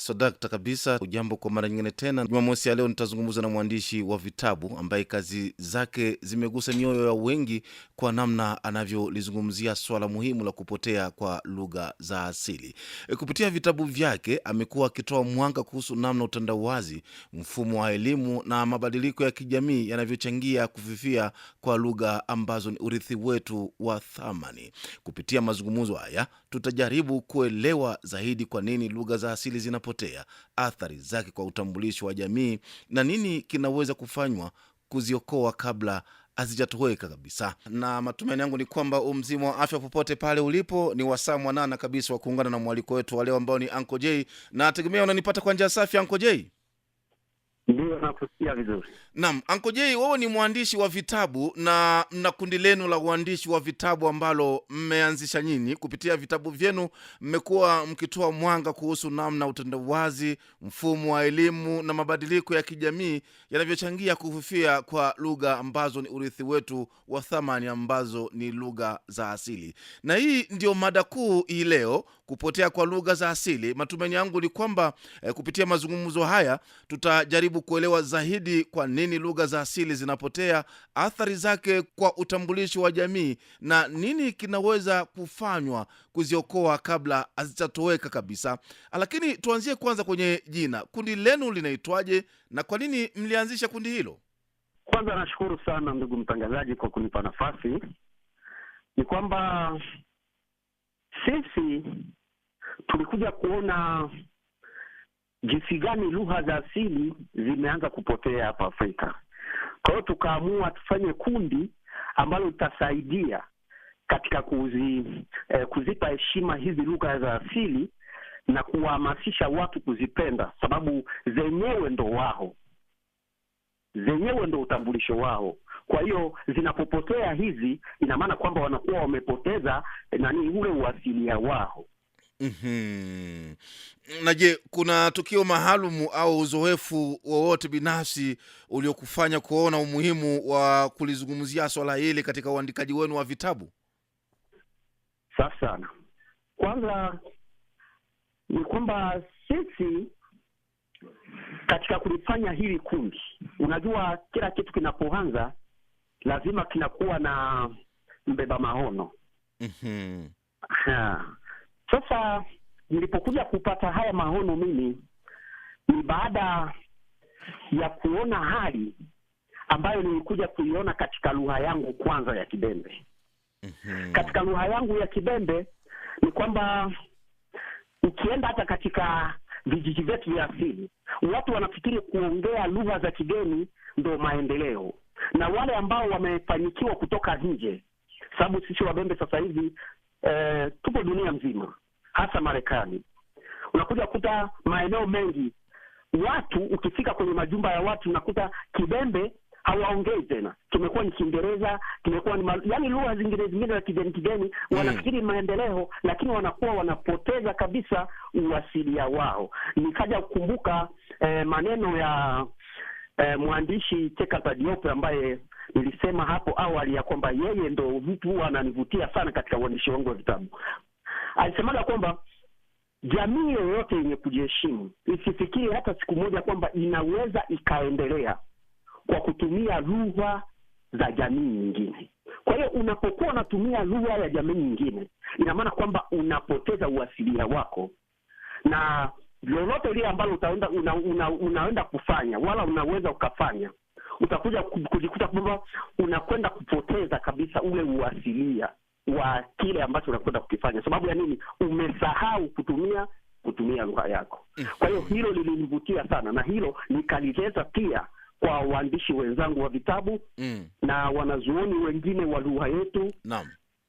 sodakta kabisa. Ujambo kwa mara nyingine tena, Jumamosi ya leo nitazungumza na mwandishi wa vitabu ambaye kazi zake zimegusa mioyo ya wengi kwa namna anavyolizungumzia swala muhimu la kupotea kwa lugha za asili. E, kupitia vitabu vyake amekuwa akitoa mwanga kuhusu namna utandawazi, mfumo wa elimu na mabadiliko ya kijamii yanavyochangia kufifia kwa lugha ambazo ni urithi wetu wa thamani. Kupitia mazungumzo haya tutajaribu kuelewa zaidi kwa nini lugha za asili zinapotea, athari zake kwa utambulisho wa jamii, na nini kinaweza kufanywa kuziokoa kabla hazijatoweka kabisa. Na matumaini yangu ni kwamba umzima wa afya popote pale ulipo, ni wasaa mwanana kabisa wa kuungana na mwaliko wetu wa leo ambao ni Anko J, na tegemea unanipata kwa njia safi Anko J. Ndio, nakusikia vizuri. Naam, Ankojei, wewe ni mwandishi wa vitabu na mna kundi lenu la uandishi wa vitabu ambalo mmeanzisha nyinyi. Kupitia vitabu vyenu mmekuwa mkitoa mwanga kuhusu namna utendawazi, mfumo wa elimu na mabadiliko ya kijamii yanavyochangia kufifia kwa lugha ambazo ni urithi wetu wa thamani, ambazo ni lugha za asili, na hii ndio mada kuu hii leo, kupotea kwa lugha za asili. Matumaini yangu ni kwamba eh, kupitia mazungumzo haya tutajaribu kujaribu kuelewa zaidi kwa nini lugha za asili zinapotea, athari zake kwa utambulishi wa jamii, na nini kinaweza kufanywa kuziokoa kabla hazitatoweka kabisa. Lakini tuanzie kwanza kwenye jina. Kundi lenu linaitwaje na kwa nini mlianzisha kundi hilo? Kwanza nashukuru sana ndugu mtangazaji kwa kunipa nafasi. Ni kwamba sisi tulikuja kuona jinsi gani lugha za asili zimeanza kupotea hapa Afrika. Kwa hiyo tukaamua tufanye kundi ambalo litasaidia katika kuzi, eh, kuzipa heshima hizi lugha za asili na kuwahamasisha watu kuzipenda, sababu zenyewe ndo wao, zenyewe ndo utambulisho wao. Kwa hiyo zinapopotea hizi, ina maana kwamba wanakuwa wamepoteza eh, nani ule uasilia wao. Mm-hmm. Na je, kuna tukio maalumu au uzoefu wowote binafsi uliokufanya kuona umuhimu wa kulizungumzia swala hili katika uandikaji wenu wa vitabu? Safi sana. Kwanza ni kwamba sisi katika kulifanya hili kundi, unajua kila kitu kinapoanza lazima kinakuwa na mbeba maono. Mm-hmm. Sasa nilipokuja kupata haya maono mimi ni baada ya kuona hali ambayo nilikuja kuiona katika lugha yangu kwanza ya Kibembe. mm -hmm. Katika lugha yangu ya Kibembe ni kwamba ukienda hata katika vijiji vyetu vya asili, watu wanafikiri kuongea lugha za kigeni ndo maendeleo, na wale ambao wamefanikiwa kutoka nje, sababu sisi Wabembe sasa hivi eh, tupo dunia mzima, hasa Marekani. Unakuja kuta maeneo mengi watu, ukifika kwenye majumba ya watu unakuta kibembe hawaongei tena, kimekuwa ni Kiingereza, kimekuwa ni mal... yani lugha zingine zingine za kigeni kigeni. Hmm. Wanafikiri maendeleo, lakini wanakuwa wanapoteza kabisa uasilia wao. Nikaja kukumbuka eh, maneno ya eh, mwandishi Cheka Diop ambaye nilisema hapo awali ya kwamba yeye ndo mtu huwa ananivutia sana katika uandishi wangu wa vitabu. Alisemaga kwamba jamii yoyote yenye kujiheshimu isifikiri hata siku moja kwamba inaweza ikaendelea kwa kutumia lugha za jamii nyingine. Kwa hiyo unapokuwa unatumia lugha ya jamii nyingine, ina maana kwamba unapoteza uasilia wako na lolote lile ambalo utaenda una, una, unaenda kufanya wala unaweza ukafanya utakuja kujikuta kwamba unakwenda kupoteza kabisa ule uasilia wa kile ambacho unakwenda kukifanya. Sababu ya nini? Umesahau kutumia kutumia lugha yako. Mm. Kwa hiyo hilo lilinivutia sana, na hilo nikalieleza pia kwa waandishi wenzangu wa vitabu mm. na wanazuoni wengine wa lugha yetu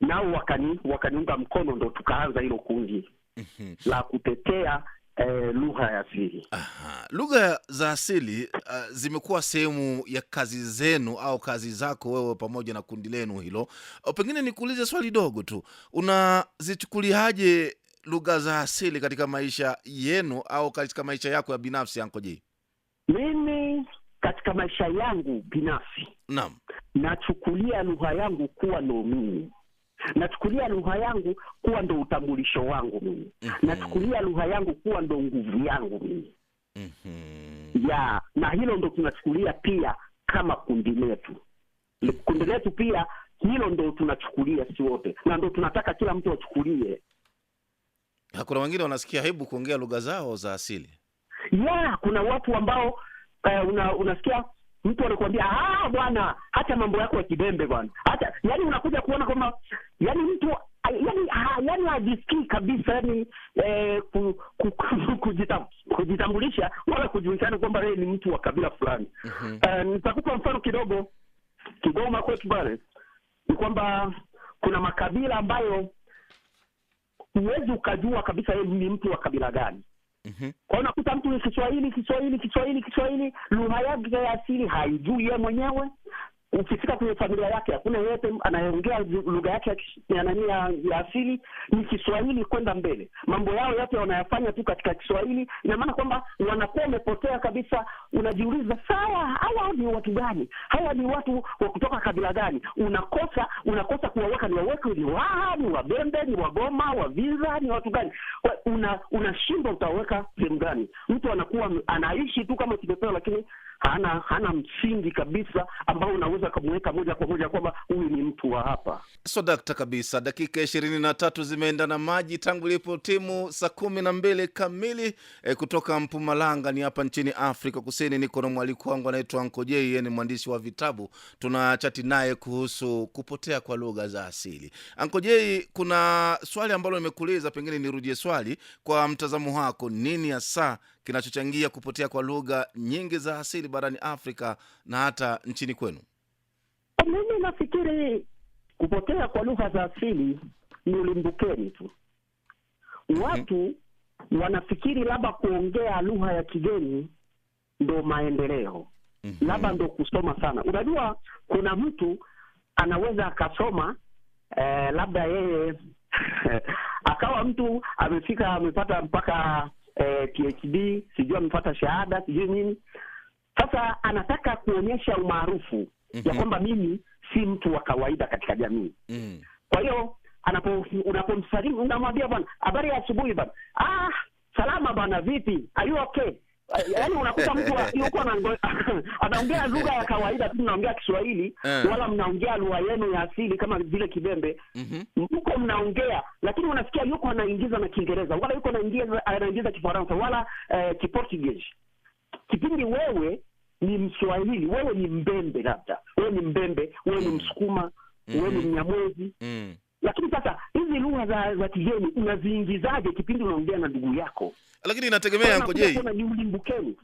nao wakani wakaniunga mkono, ndo tukaanza hilo kundi mhm. la kutetea eh, lugha ya asili. Lugha za asili uh, zimekuwa sehemu ya kazi zenu au kazi zako wewe pamoja na kundi lenu hilo. Eh, pengine nikuulize swali dogo tu, unazichukuliaje lugha za asili katika maisha yenu au katika maisha yako ya binafsi Anko Mimi katika maisha yangu binafsi naam, nachukulia lugha yangu kuwa nomini Nachukulia lugha yangu kuwa ndo utambulisho wangu mimi. mm -hmm. Nachukulia lugha yangu kuwa ndo nguvu yangu mimi. mm -hmm. ya na hilo ndo tunachukulia pia kama kundi letu, kundi letu pia hilo ndo tunachukulia si wote, na ndo tunataka kila mtu achukulie. Kuna wengine wanasikia hebu kuongea lugha zao za asili ya kuna watu ambao eh, una, unasikia mtu anakuambia ah, bwana, hata mambo yako ya kidembe bwana, hata yani unakuja kuona kwamba yani mtu yani ha, ah, yani hajisikii kabisa yani eh, ku, ku, ku, kujitam, kujitambulisha wala kujulikana kwamba yeye ni mtu wa kabila fulani. mm -hmm. Uh, nitakupa mfano kidogo. Kigoma kwetu pale ni kwamba kuna makabila ambayo huwezi ukajua kabisa yeye ni mtu wa kabila gani mm Kwa hiyo unakuta mtu ni Kiswahili Kiswahili Kiswahili Kiswahili, lugha yake ya asili haijui yeye mwenyewe, ukifika kwenye familia yake hakuna yeyote anayeongea lugha yake ya nani ya asili, ni Kiswahili kwenda mbele. Mambo yao yote wanayafanya tu katika Kiswahili. Ina maana kwamba wanakuwa wamepotea kabisa. Unajiuliza, sawa, hawa ni watu gani? Hawa ni watu wa kutoka kabila gani? Unakosa unakosa kuwaweka, ni waweke ni Waha, ni Wabembe, ni Wagoma, Waviza, ni watu gani? Unashindwa una utaweka sehemu gani? Mtu anakuwa anaishi tu kama kipepeo, lakini hana hana msingi kabisa ambao unaweza kumweka moja kwa moja kwamba huyu ni mtu wa hapa. So dakta kabisa, dakika ishirini na tatu zimeenda na maji tangu ilipo timu saa kumi na mbili kamili e, kutoka Mpumalanga ni hapa nchini Afrika Kusini. Niko na mwaliko wangu anaitwa nkojei yeye ni mwandishi wa vitabu, tuna chati naye kuhusu kupotea kwa lugha za asili. Ankojei, kuna swali ambalo nimekuuliza, pengine nirudie swali kwa mtazamo wako, nini hasa kinachochangia kupotea kwa lugha nyingi za asili barani Afrika na hata nchini kwenu? Mimi nafikiri kupotea kwa lugha za asili ni ulimbukeni tu. Mhm. Watu wanafikiri labda kuongea lugha ya kigeni ndo maendeleo, mhm. labda ndo kusoma sana. Unajua, kuna mtu anaweza akasoma eh, labda yeye akawa mtu amefika amepata mpaka eh, PhD sijui amepata shahada sijui nini. Sasa anataka kuonyesha umaarufu mm -hmm. ya mhm. kwamba mimi si mtu wa kawaida katika jamii mm -hmm. kwa hiyo anapo unapomsalimu unamwambia bwana, habari ya asubuhi bwana. Ah, salama bwana, vipi, are you okay? Eh, yaani unakuta mtu yuko anaongea lugha ya kawaida tu, mnaongea Kiswahili uh, wala mnaongea lugha yenu ya asili kama vile Kibembe mhm. mko uh, mnaongea lakini unasikia yuko anaingiza na Kiingereza wala yuko anaingiza anaingiza Kifaransa wala eh, Kiportuguese, kipindi wewe ni Mswahili, wewe ni Mbembe, labda wewe ni Mbembe, wewe ni mm. Msukuma, mm-hmm. wewe ni Mnyamwezi mm. Lakini sasa hizi lugha za, za kigeni unaziingizaje kipindi unaongea na ndugu yako? Lakini inategemea ngojei,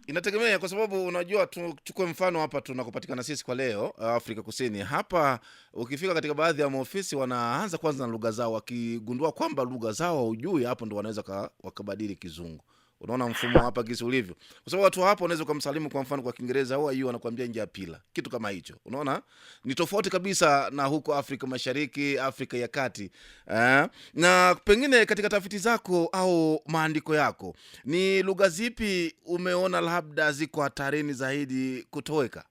inategemea kwa sababu unajua, tuchukue mfano hapa tunakopatikana sisi kwa leo, eh, Afrika Kusini. Hapa ukifika katika baadhi ya maofisi, wanaanza kwanza na lugha zao, wakigundua kwamba lugha zao haujui, hapo ndo wanaweza wakabadili Kizungu. Unaona mfumo hapa kisi ulivyo, kwa sababu watu hapo wanaweza kumsalimu kwa mfano kwa Kiingereza au hiyo anakuambia nje ya pila, kitu kama hicho. Unaona ni tofauti kabisa na huko Afrika Mashariki, Afrika ya Kati eh? Na pengine katika tafiti zako au maandiko yako, ni lugha zipi umeona labda ziko hatarini zaidi kutoweka?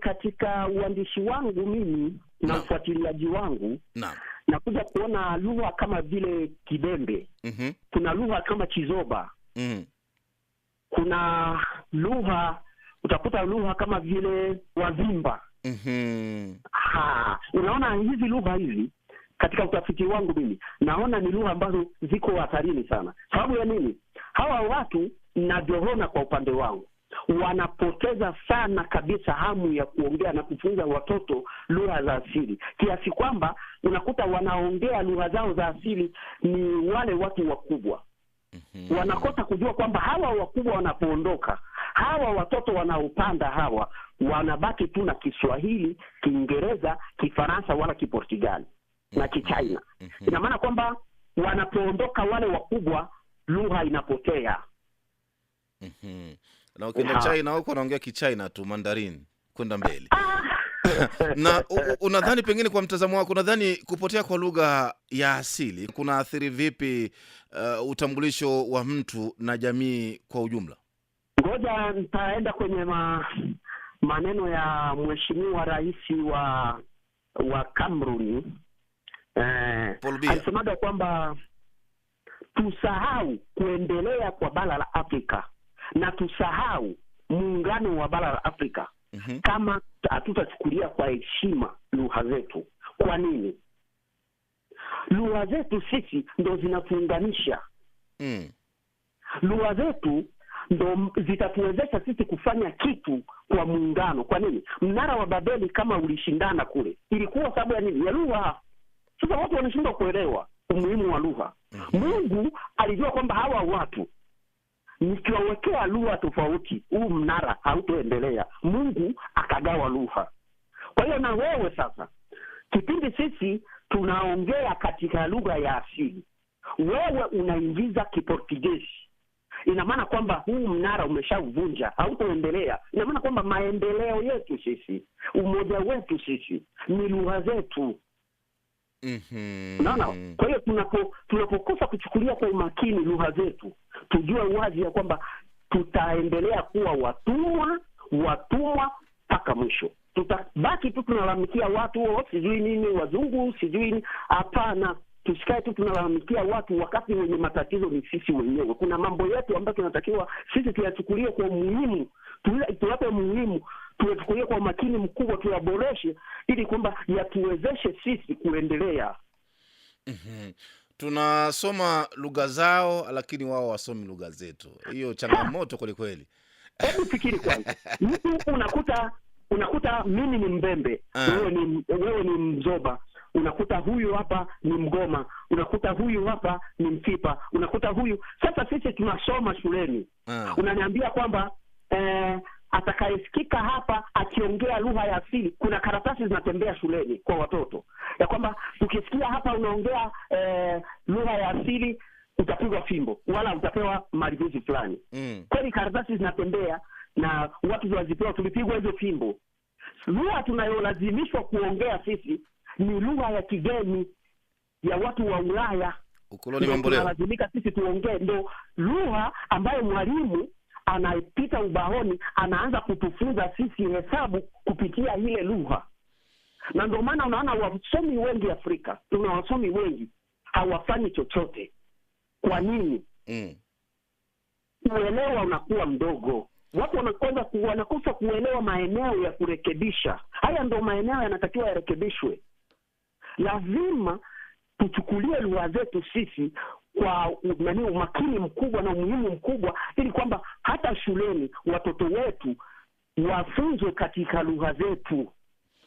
Katika uandishi wangu mimi na ufuatiliaji wangu na nakuja kuona lugha kama vile Kibembe. mm -hmm. Kuna lugha kama Kizoba mm. Kuna lugha utakuta lugha kama vile Wazimba mm -hmm. Ha, unaona hizi lugha hizi katika utafiti wangu mimi naona ni lugha ambazo ziko hatarini sana. Sababu ya nini? Hawa watu navyoona kwa upande wangu wanapoteza sana kabisa hamu ya kuongea na kufunza watoto lugha za asili, kiasi kwamba unakuta wanaongea lugha zao za asili ni wale watu wakubwa mm-hmm. wanakosa kujua kwamba hawa wakubwa wanapoondoka, hawa watoto wanaopanda hawa wanabaki tu na Kiswahili, Kiingereza, Kifaransa wala Kiportugali mm-hmm. na Kichina mm-hmm. ina maana kwamba wanapoondoka wale wakubwa, lugha inapotea mm-hmm. na ukienda China huko unaongea Kichina tu, Mandarin kwenda mbele ah! Na unadhani pengine, kwa mtazamo wako, unadhani kupotea kwa lugha ya asili kunaathiri vipi uh, utambulisho wa mtu na jamii kwa ujumla? Ngoja nitaenda kwenye ma, maneno ya mheshimiwa rais wa wa Kameruni eh, alisemaga kwamba tusahau kuendelea kwa bara la Afrika na tusahau muungano wa bara la Afrika mm -hmm. kama hatutachukulia kwa heshima lugha zetu. Kwa nini? Lugha zetu sisi ndo zinatuunganisha mm. Lugha zetu ndo zitatuwezesha sisi kufanya kitu kwa muungano. Kwa nini? Mnara wa Babeli kama ulishindana kule, ilikuwa sababu ya nini? Ya lugha. Sasa watu wanashindwa kuelewa umuhimu wa lugha. mm -hmm. Mungu alijua kwamba hawa watu nikiwawekea lugha tofauti, huu mnara hautoendelea. Mungu akagawa lugha. Kwa hiyo na wewe sasa, kipindi sisi tunaongea katika lugha ya asili, wewe unaingiza Kiportugesi, ina maana kwamba huu mnara umeshauvunja, hautoendelea. Ina maana kwamba maendeleo yetu sisi, umoja wetu sisi ni lugha zetu mm -hmm. kwa hiyo tunapo tunapokosa kuchukulia kwa umakini lugha zetu, tujue wazi ya kwamba tutaendelea kuwa watumwa watumwa mpaka mwisho. Tutabaki tu tunalalamikia watu oh, sijui nini, wazungu sijui. Hapana, tusikae tu tunalalamikia watu wakati wenye matatizo ni sisi wenyewe. Kuna mambo yetu ambayo tunatakiwa sisi tuyachukulie kwa umuhimu, tuyape muhimu tuyachukulia kwa umakini mkubwa, tuyaboreshe ili kwamba yatuwezeshe sisi kuendelea. Mhm. Tunasoma lugha zao, lakini wao wasomi lugha zetu. Hiyo changamoto kwelikweli. Hebu fikiri kwanza, mtu unakuta unakuta mimi ni Mbembe, ah. wewe ni wewe ni Mzoba, unakuta huyu hapa ni Mgoma, unakuta huyu hapa ni Mfipa, unakuta huyu sasa. Sisi tunasoma shuleni, ah. unaniambia kwamba eh, atakayesikika hapa akiongea lugha ya asili, kuna karatasi zinatembea shuleni kwa watoto ya kwamba ukisikia hapa unaongea eh, lugha ya asili utapigwa fimbo wala utapewa maridhizi fulani. Mm. Kweli karatasi zinatembea na watu tunazipewa, tulipigwa hizo fimbo. Lugha tunayolazimishwa kuongea sisi ni lugha ya kigeni ya watu wa Ulaya, ukoloni mambo leo, lazimika sisi tuongee, ndo lugha ambayo mwalimu anapita ubaoni, anaanza kutufunza sisi hesabu kupitia ile lugha, na ndio maana unaona wasomi wengi Afrika, tuna wasomi wengi hawafanyi chochote. Kwa nini? Mm. Uelewa unakuwa mdogo, watu wanakosa wanakosa kuelewa maeneo ya kurekebisha. Haya ndio maeneo yanatakiwa yarekebishwe. Lazima tuchukulie lugha zetu sisi kwa nani, umakini mkubwa na umuhimu mkubwa, ili kwamba hata shuleni watoto wetu wafunzwe katika lugha zetu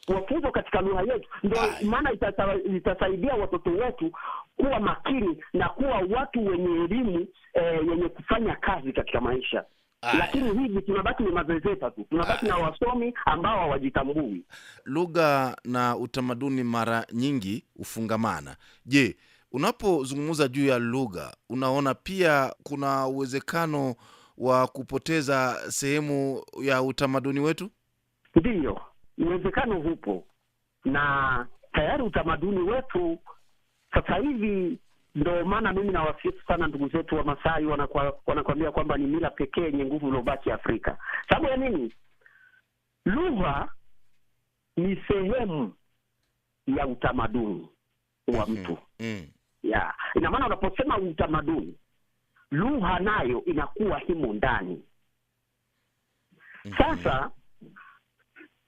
wafunzwe katika lugha yetu, ndio maana itasaidia watoto wetu kuwa makini na kuwa watu wenye elimu eh, yenye kufanya kazi katika maisha. Aya. Lakini hivi tunabaki ni mazezeta tu, tunabaki Aya. na wasomi ambao hawajitambui. Lugha na utamaduni mara nyingi hufungamana. Je, Unapozungumza juu ya lugha, unaona pia kuna uwezekano wa kupoteza sehemu ya utamaduni wetu? Ndiyo, uwezekano hupo, na tayari utamaduni wetu sasa hivi ndo maana mimi nawasifu sana ndugu zetu wa Masai wanakwa, wanakwambia kwamba ni mila pekee yenye nguvu uliobaki Afrika. Sababu ya nini? Lugha ni sehemu ya utamaduni wa mhm, mtu mm -hmm yeah. Ina maana unaposema utamaduni, lugha nayo inakuwa himo ndani. Mhm. Sasa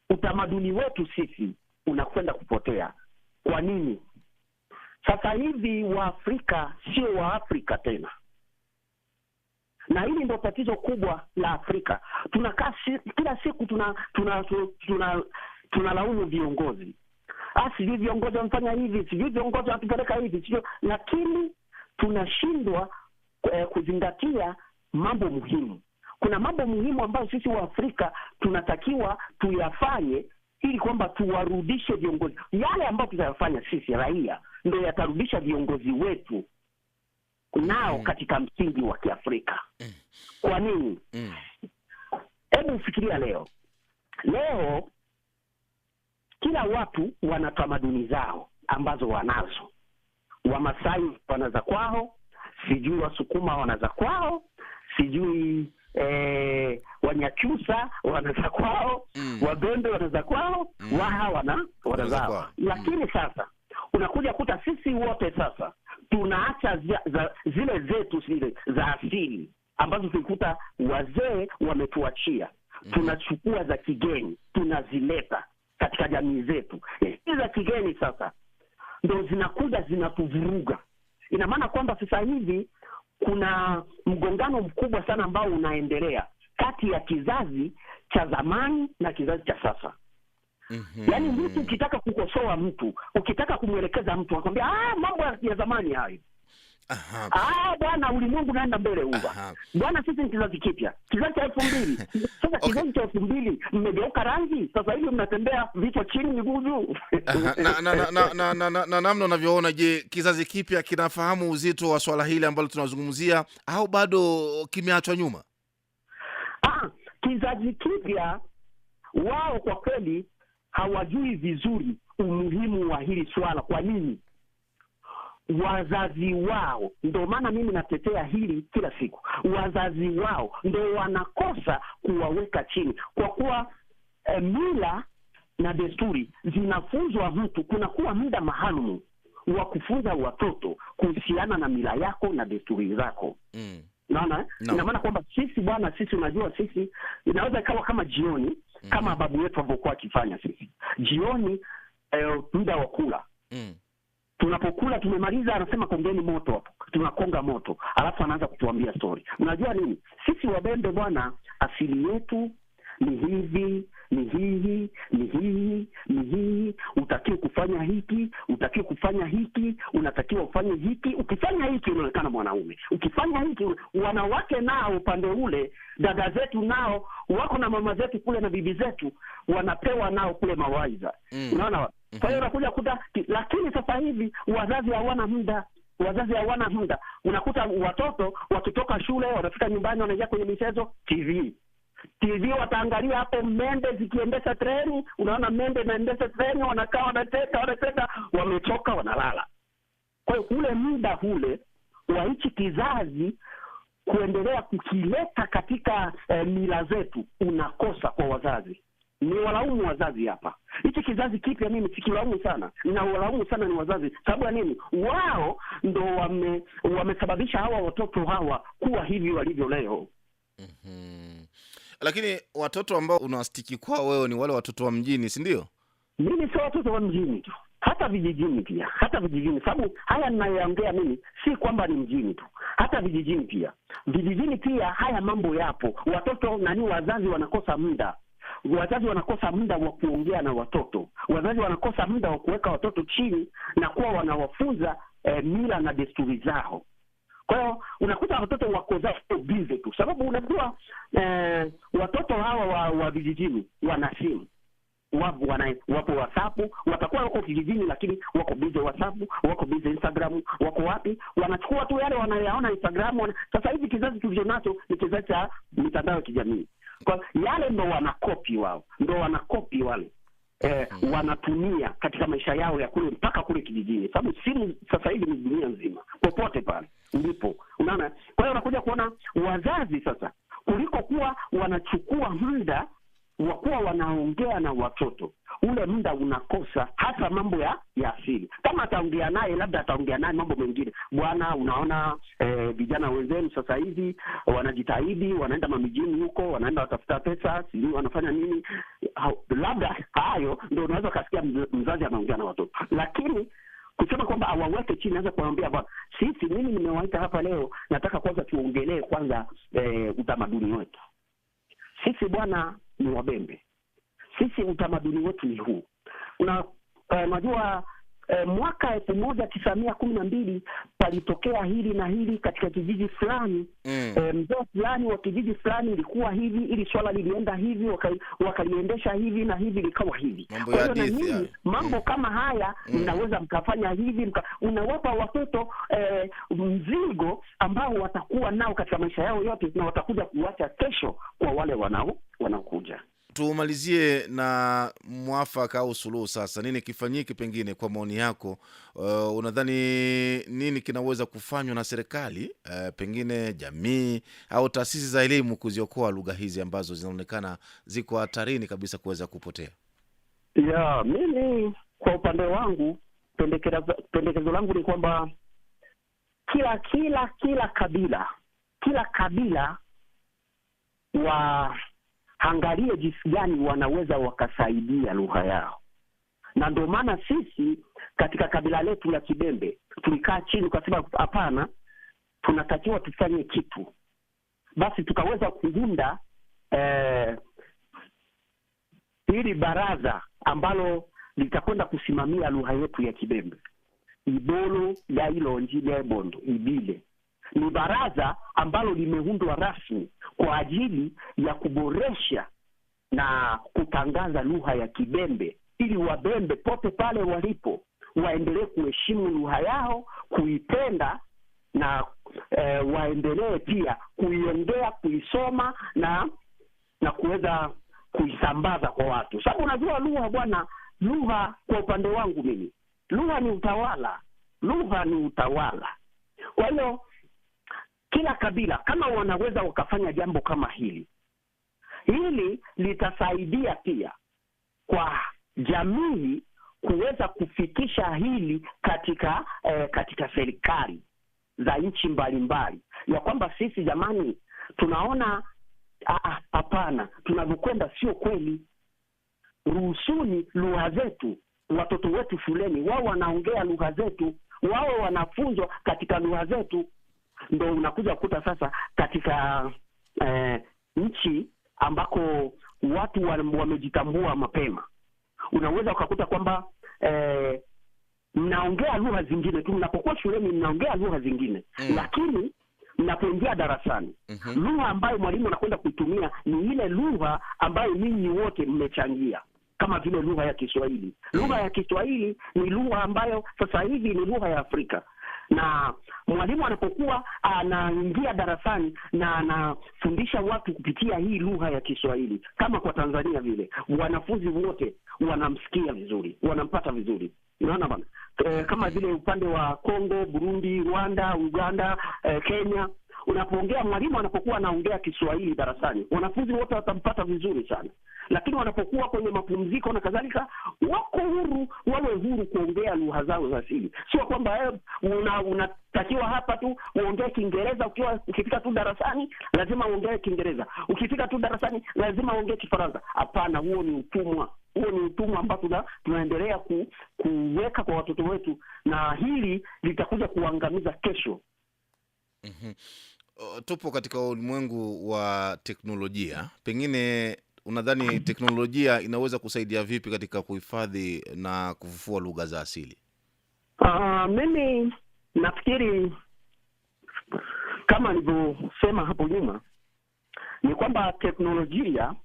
utamaduni wetu sisi unakwenda kupotea. Kwa nini? Sasa hivi Waafrika sio Waafrika tena, na hili ndio tatizo kubwa la Afrika. Tunakaa kila siku tuna tunalaumu tuna, tuna, tuna viongozi ah, sijui viongozi wamefanya hivi, sijui viongozi wanatupeleka hivi, sijui, lakini tunashindwa eh, kuzingatia mambo muhimu. Kuna mambo muhimu ambayo sisi wa afrika tunatakiwa tuyafanye ili kwamba tuwarudishe viongozi. Yale ambayo tutayafanya sisi raia ndo yatarudisha viongozi wetu nao mm. katika msingi wa Kiafrika mm. Kwa nini? Mm. Hebu mm. fikiria leo leo kila watu wana tamaduni zao ambazo wanazo. Wamasai wana za kwao, sijui Wasukuma wana za kwao, sijui eh, Wanyakyusa wana za kwao mm. Wabembe wana za kwao mm. Waha wana wana zao, lakini mm. sasa unakuja kuta sisi wote sasa tunaacha za, zile zetu zile za asili ambazo tulikuta wazee wametuachia, mm. tunachukua za kigeni tunazileta katika jamii zetu. hizi eh, za kigeni sasa ndo zinakuja zinatuvuruga. Ina maana kwamba sasa hivi kuna mgongano mkubwa sana ambao unaendelea kati ya kizazi cha zamani na kizazi cha sasa. Mm -hmm. Yaani mtu ukitaka kukosoa mtu, ukitaka kumwelekeza mtu, akwambia ah, mambo ya zamani hayo Ah, bwana ulimwengu naenda mbele uva. Bwana sisi ni kizazi kipya. Kizazi cha elfu mbili. Sasa okay. Kizazi cha elfu mbili mmegeuka rangi. Sasa hivi mnatembea vichwa chini miguu juu. na na na na na namna na, na, na, na unavyoona, je, kizazi kipya kinafahamu uzito wa swala hili ambalo tunazungumzia au bado kimeachwa nyuma? Ah, kizazi kipya wao kwa kweli hawajui vizuri umuhimu wa hili swala kwa nini wazazi wao. Ndio maana mimi natetea hili kila siku, wazazi wao ndio wanakosa kuwaweka chini, kwa kuwa e, mila na desturi zinafunzwa mtu. Kunakuwa muda maalumu wa kufunza watoto kuhusiana na mila yako na desturi zako mm. Naona eh? no. Ina maana kwamba sisi bwana, sisi unajua, sisi inaweza ikawa kama jioni mm. kama babu yetu alivyokuwa akifanya. Sisi jioni e, muda wa kula mm tunapokula tumemaliza, anasema kongeni moto hapo, tunakonga moto, alafu anaanza kutuambia stori. Unajua nini, sisi Wabembe bwana, asili yetu ni hivi ni hii ni hii ni hii, utakiwe kufanya hiki, utakiwe kufanya hiki, unatakiwa ufanye hiki. Ukifanya hiki unaonekana mwanaume, ukifanya hiki. Wanawake nao upande ule, dada zetu nao wako na mama zetu kule na bibi zetu, wanapewa nao kule mawaidha mm. Unaona, Mm -hmm. Kwa hiyo mhm. unakuja kuta, lakini sasa hivi wazazi hawana muda wazazi hawana muda. Unakuta watoto wakitoka shule wanafika nyumbani, wanaingia kwenye michezo, TV TV wataangalia hapo, mende zikiendesha treni. Unaona mende inaendesha treni, wanakaa wanacheka, wanacheka, wamechoka, wanalala. Kwa hiyo ule muda ule wa hichi kizazi kuendelea kukileta katika eh, mila zetu unakosa kwa wazazi ni walaumu wazazi hapa. Hichi kizazi kipya mimi sikilaumu sana, na walaumu sana ni wazazi. Sababu ya nini? Wao ndo wame, wamesababisha hawa watoto hawa kuwa hivi walivyo leo. mm -hmm. Lakini watoto ambao unawastiki kwao wewe ni wale watoto wa mjini, si ndio? Mimi sio watoto wa mjini tu, hata vijijini pia, hata vijijini. Sababu haya ninayoongea mimi si kwamba ni mjini tu, hata vijijini pia, vijijini pia haya mambo yapo. Watoto nani, wazazi wanakosa muda wazazi wanakosa muda wa kuongea na watoto, wazazi wanakosa muda wa kuweka watoto chini na kuwa wanawafunza eh, mila na desturi zao. Kwa hiyo unakuta watoto wako zao bize tu, sababu unajua eh, watoto hawa wa, wa vijijini wana simu wapo wana, wapo WhatsApp, watakuwa wako kijijini, lakini wako bize WhatsApp, wako bize Instagram, wako wapi, wanachukua tu yale wanayaona Instagram. Wana... sasa hivi kizazi tulicho nacho ni kizazi cha mitandao ya kijamii kwa yale ndo wanakopi wao, ndo wanakopi wale Eh, mm-hmm. wanatumia katika maisha yao ya kule mpaka kule kijijini, sababu simu sasa hivi ni dunia nzima, popote pale ulipo, unaona. Kwa hiyo unakuja kuona wazazi sasa, kuliko kuwa wanachukua muda wakuwa wanaongea na watoto, ule muda unakosa hata mambo ya, ya asili. Kama ataongea naye, labda ataongea naye mambo mengine. Bwana, unaona eh, vijana eh, wenzenu sasa hivi wanajitahidi, wanaenda mamijini huko, wanaenda watafuta pesa, sijui wanafanya nini. Labda hayo ndo unaweza ukasikia mzazi anaongea na watoto, lakini kusema kwamba awaweke chini, naweza kuwambia bwana, sisi, mimi nimewaita hapa leo, nataka kwanza tuongelee kwanza eh, utamaduni wetu sisi bwana ni wabembe. Sisi utamaduni wetu ni huu. Eh, unajua uh, eh, mwaka elfu moja tisa mia kumi na mbili palitokea hili na hili katika kijiji fulani mm. eh, mzee fulani wa kijiji fulani ilikuwa hivi, ili swala lilienda hivi, wakaliendesha waka hivi na hivi likawa hivi. Kwa hiyo na nini mambo mm. kama haya mm. mnaweza mkafanya hivi mka, unawapa watoto eh, mzigo ambao watakuwa nao katika maisha yao yote na watakuja kuacha kesho kwa wale wanao wanaokuja tumalizie na mwafaka au suluhu. Sasa nini kifanyike? Pengine kwa maoni yako, uh, unadhani nini kinaweza kufanywa na serikali, uh, pengine jamii au taasisi za elimu kuziokoa lugha hizi ambazo zinaonekana ziko hatarini kabisa kuweza kupotea? Ya, mimi kwa upande wangu pendekezo langu ni kwamba kila kila kila kabila kila kabila wa angalie jinsi gani wanaweza wakasaidia lugha yao, na ndio maana sisi katika kabila letu la Kibembe tulikaa chini, kwa sababu hapana, tunatakiwa tufanye kitu. Basi tukaweza kuunda eh, hili baraza ambalo litakwenda kusimamia lugha yetu ya Kibembe, ibolo ya ilonji ibile ni baraza ambalo limeundwa rasmi kwa ajili ya kuboresha na kutangaza lugha ya Kibembe ili Wabembe pote pale walipo waendelee kuheshimu lugha yao, kuipenda na e, waendelee pia kuiongea, kuisoma na na kuweza kuisambaza kwa watu, sababu unajua lugha bwana, lugha kwa upande wangu mimi, lugha ni utawala, lugha ni utawala. Kwa hiyo kila kabila kama wanaweza wakafanya jambo kama hili, hili litasaidia pia kwa jamii kuweza kufikisha hili katika eh, katika serikali za nchi mbalimbali, ya kwamba sisi jamani, tunaona ah, hapana, tunavyokwenda sio kweli. Ruhusuni lugha zetu, watoto wetu shuleni wao wanaongea lugha zetu, wao wanafunzwa katika lugha zetu ndo unakuja kukuta sasa katika eh, nchi ambako watu wamejitambua mapema, unaweza ukakuta kwamba eh, mnaongea lugha zingine tu, mnapokuwa shuleni mnaongea lugha zingine mm. lakini mnapoingia darasani mm -hmm. lugha ambayo mwalimu anakwenda kuitumia ni ile lugha ambayo ninyi wote mmechangia kama vile lugha ya Kiswahili. Mm. Lugha ya Kiswahili ni lugha ambayo sasa hivi ni lugha ya Afrika na mwalimu anapokuwa anaingia darasani na anafundisha watu kupitia hii lugha ya Kiswahili kama kwa Tanzania vile, wanafunzi wote wanamsikia vizuri, wanampata vizuri. Unaona bana e, eh, kama vile upande wa Kongo, Burundi, Rwanda, Uganda, e, Kenya unapoongea, mwalimu anapokuwa anaongea Kiswahili darasani, wanafunzi wote watampata vizuri sana, lakini wanapokuwa kwenye mapumziko na kadhalika, wako huru, wawe huru kuongea lugha zao za asili, sio kwamba eh, una, una takiwa hapa tu uongee Kiingereza ukiwa ukifika tu darasani lazima uongee Kiingereza, ukifika tu darasani lazima uongee Kifaransa. Hapana, huo ni utumwa, huo ni utumwa ambao tuna, tunaendelea ku, kuweka kwa watoto wetu, na hili litakuja kuangamiza kesho. mm -hmm. Uh, tupo katika ulimwengu wa teknolojia, pengine unadhani teknolojia inaweza kusaidia vipi katika kuhifadhi na kufufua lugha za asili? Uh, mimi nafikiri kama alivyosema hapo nyuma ni kwamba teknolojia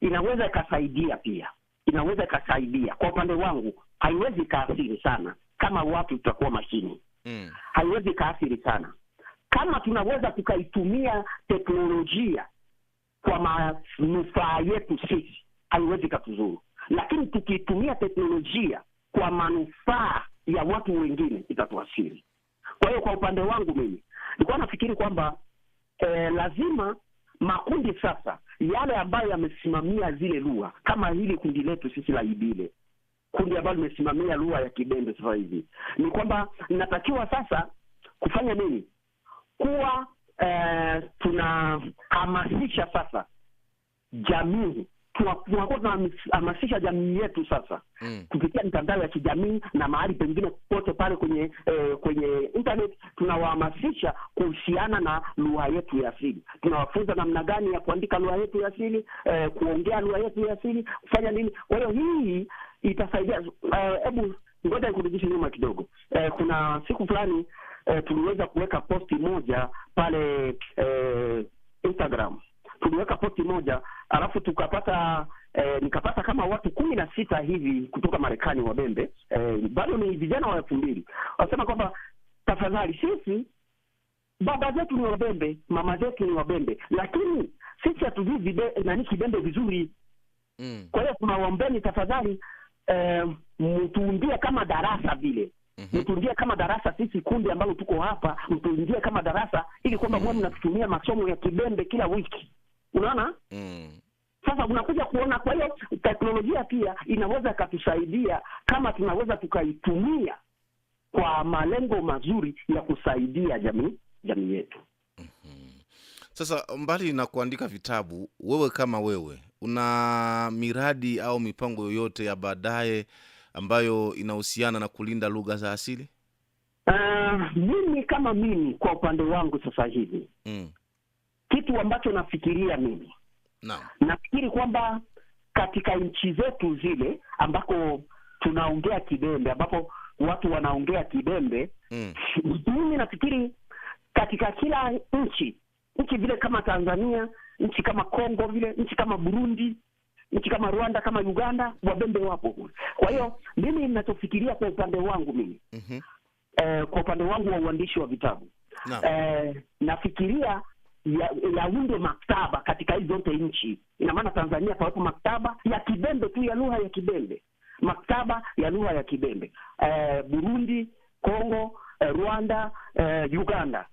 inaweza ikasaidia, pia inaweza ikasaidia. Kwa upande wangu, haiwezi ikaathiri sana kama watu tutakuwa mashini mm. haiwezi ikaathiri sana kama tunaweza tukaitumia teknolojia kwa manufaa yetu sisi, haiwezi katuzuru, lakini tukiitumia teknolojia kwa manufaa ya watu wengine itatuasiri. Kwa hiyo kwa upande wangu mimi nilikuwa nafikiri kwamba eh, lazima makundi sasa yale ambayo yamesimamia zile lugha kama hili kundi letu sisi la Ibile, kundi ambalo limesimamia lugha ya Kibembe sasa hivi, ni kwamba natakiwa sasa kufanya nini? kuwa eh, tunahamasisha sasa jamii tunakuwa tunahamasisha jamii yetu sasa mm. kupitia mitandao ya kijamii na mahali pengine popote pale kwenye eh, kwenye internet, tunawahamasisha kuhusiana na lugha yetu ya asili. Tunawafunza namna gani ya kuandika lugha yetu ya asili eh, kuongea lugha yetu ya asili, kufanya nini. Kwa hiyo hii itasaidia. Eh, hebu eh, ngoja nikurudishe nyuma kidogo eh, kuna siku fulani eh, tuliweza kuweka posti moja pale eh, Instagram tuliweka posti moja alafu tukapata eh, nikapata kama watu kumi na sita hivi kutoka Marekani wabembe eh, bado ni vijana wa elfu mbili wanasema kwamba tafadhali, sisi baba zetu ni wabembe, mama zetu ni wabembe, lakini sisi hatujui nani kibembe vizuri mm. Kwa hiyo tunawaombeni tafadhali, eh, mtuumbie kama darasa vile Mhm. mtuingie kama darasa, sisi kundi ambalo tuko hapa, mtuingie kama darasa ili kwamba mm mnatutumia masomo ya kibembe kila wiki, unaona mm. Sasa unakuja kuona. Kwa hiyo teknolojia pia inaweza ikatusaidia kama tunaweza tukaitumia kwa malengo mazuri ya kusaidia jamii jamii yetu. Mhm. Sasa mbali na kuandika vitabu, wewe kama wewe una miradi au mipango yoyote ya baadaye ambayo inahusiana na kulinda lugha za asili? Uh, mimi kama mimi kwa upande wangu sasa hivi mm. kitu ambacho nafikiria mimi na. nafikiri kwamba katika nchi zetu zile ambako tunaongea Kibembe, ambapo watu wanaongea Kibembe mm. mimi nafikiri katika kila nchi nchi vile kama Tanzania, nchi kama Kongo, vile nchi kama Burundi nchi kama Rwanda, kama Uganda, wabembe wapo. Kwa hiyo mimi ninachofikiria kwa upande wangu mimi mm -hmm. eh, kwa upande wangu wa uandishi wa vitabu no. eh, nafikiria yaunde ya maktaba katika hizi zote nchi. Ina maana Tanzania pawepo maktaba ya Kibembe tu ya lugha ya Kibembe, maktaba ya lugha ya Kibembe eh, Burundi, Kongo, eh, Rwanda, eh, Uganda.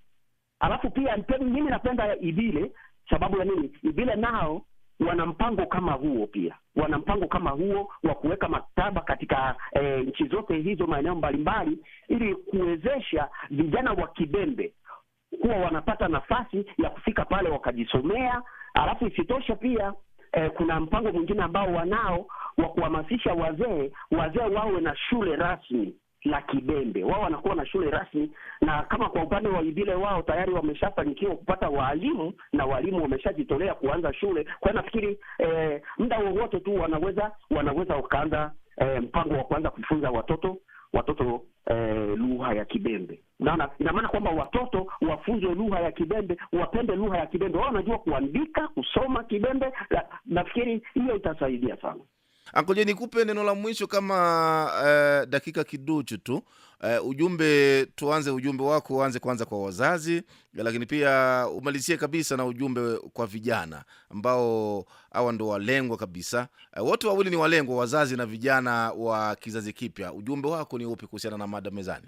Alafu pia mimi napenda Ibile sababu ya nini? Ibile nao wana mpango kama huo pia wana mpango kama huo wa kuweka maktaba katika e, nchi zote hizo maeneo mbalimbali, ili kuwezesha vijana wa Kibembe kuwa wanapata nafasi ya kufika pale wakajisomea. Alafu isitoshe pia e, kuna mpango mwingine ambao wanao wa kuhamasisha wazee, wazee wawe na shule rasmi la Kibembe. Wao wanakuwa na shule rasmi, na kama kwa upande wa Ibile wao tayari wameshafanikiwa kupata waalimu na waalimu wameshajitolea kuanza shule. Kwa hiyo nafikiri eh, muda wowote tu wanaweza wanaweza wakaanza eh, mpango wa kuanza kufunza watoto watoto eh, lugha ya Kibembe. Naona ina maana kwamba watoto wafunzwe lugha ya Kibembe, wapende lugha ya Kibembe. Wao wanajua kuandika, kusoma Kibembe. Nafikiri hiyo itasaidia sana. Angoja ah, nikupe neno la mwisho kama uh, dakika kiduchu tu. Uh, ujumbe tuanze, ujumbe wako uanze kwanza kwa wazazi, lakini pia umalizie kabisa na ujumbe kwa vijana ambao hawa ndo walengwa kabisa. Uh, wote wawili ni walengwa, wazazi na vijana wa kizazi kipya. Ujumbe wako ni upi kuhusiana na mada mezani?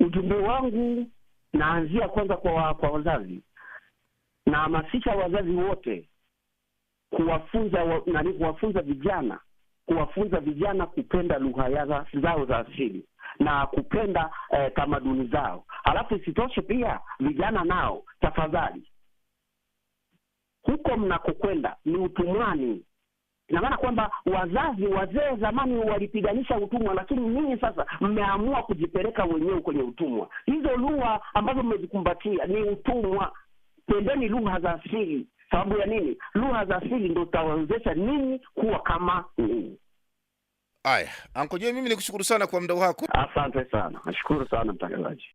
Ujumbe wangu naanzia kwanza kwa, kwa wazazi. Nahamasisha wazazi wote kuwafunza wa, nani kuwafunza vijana kuwafunza vijana kupenda lugha zao za asili na kupenda eh, tamaduni zao. Halafu isitoshe pia vijana nao, tafadhali, huko mnakokwenda ni utumwani. Ina maana kwamba wazazi wazee zamani walipiganisha utumwa, lakini ninyi sasa mmeamua kujipeleka wenyewe kwenye utumwa. Hizo lugha ambazo mmezikumbatia ni utumwa. Pendeni lugha za asili sababu ya nini? Lugha za asili ndo zitawawezesha ninyi kuwa kama ninyi. Haya, ankojee mimi nikushukuru sana kwa muda wako. Asante sana, nashukuru sana mtangazaji.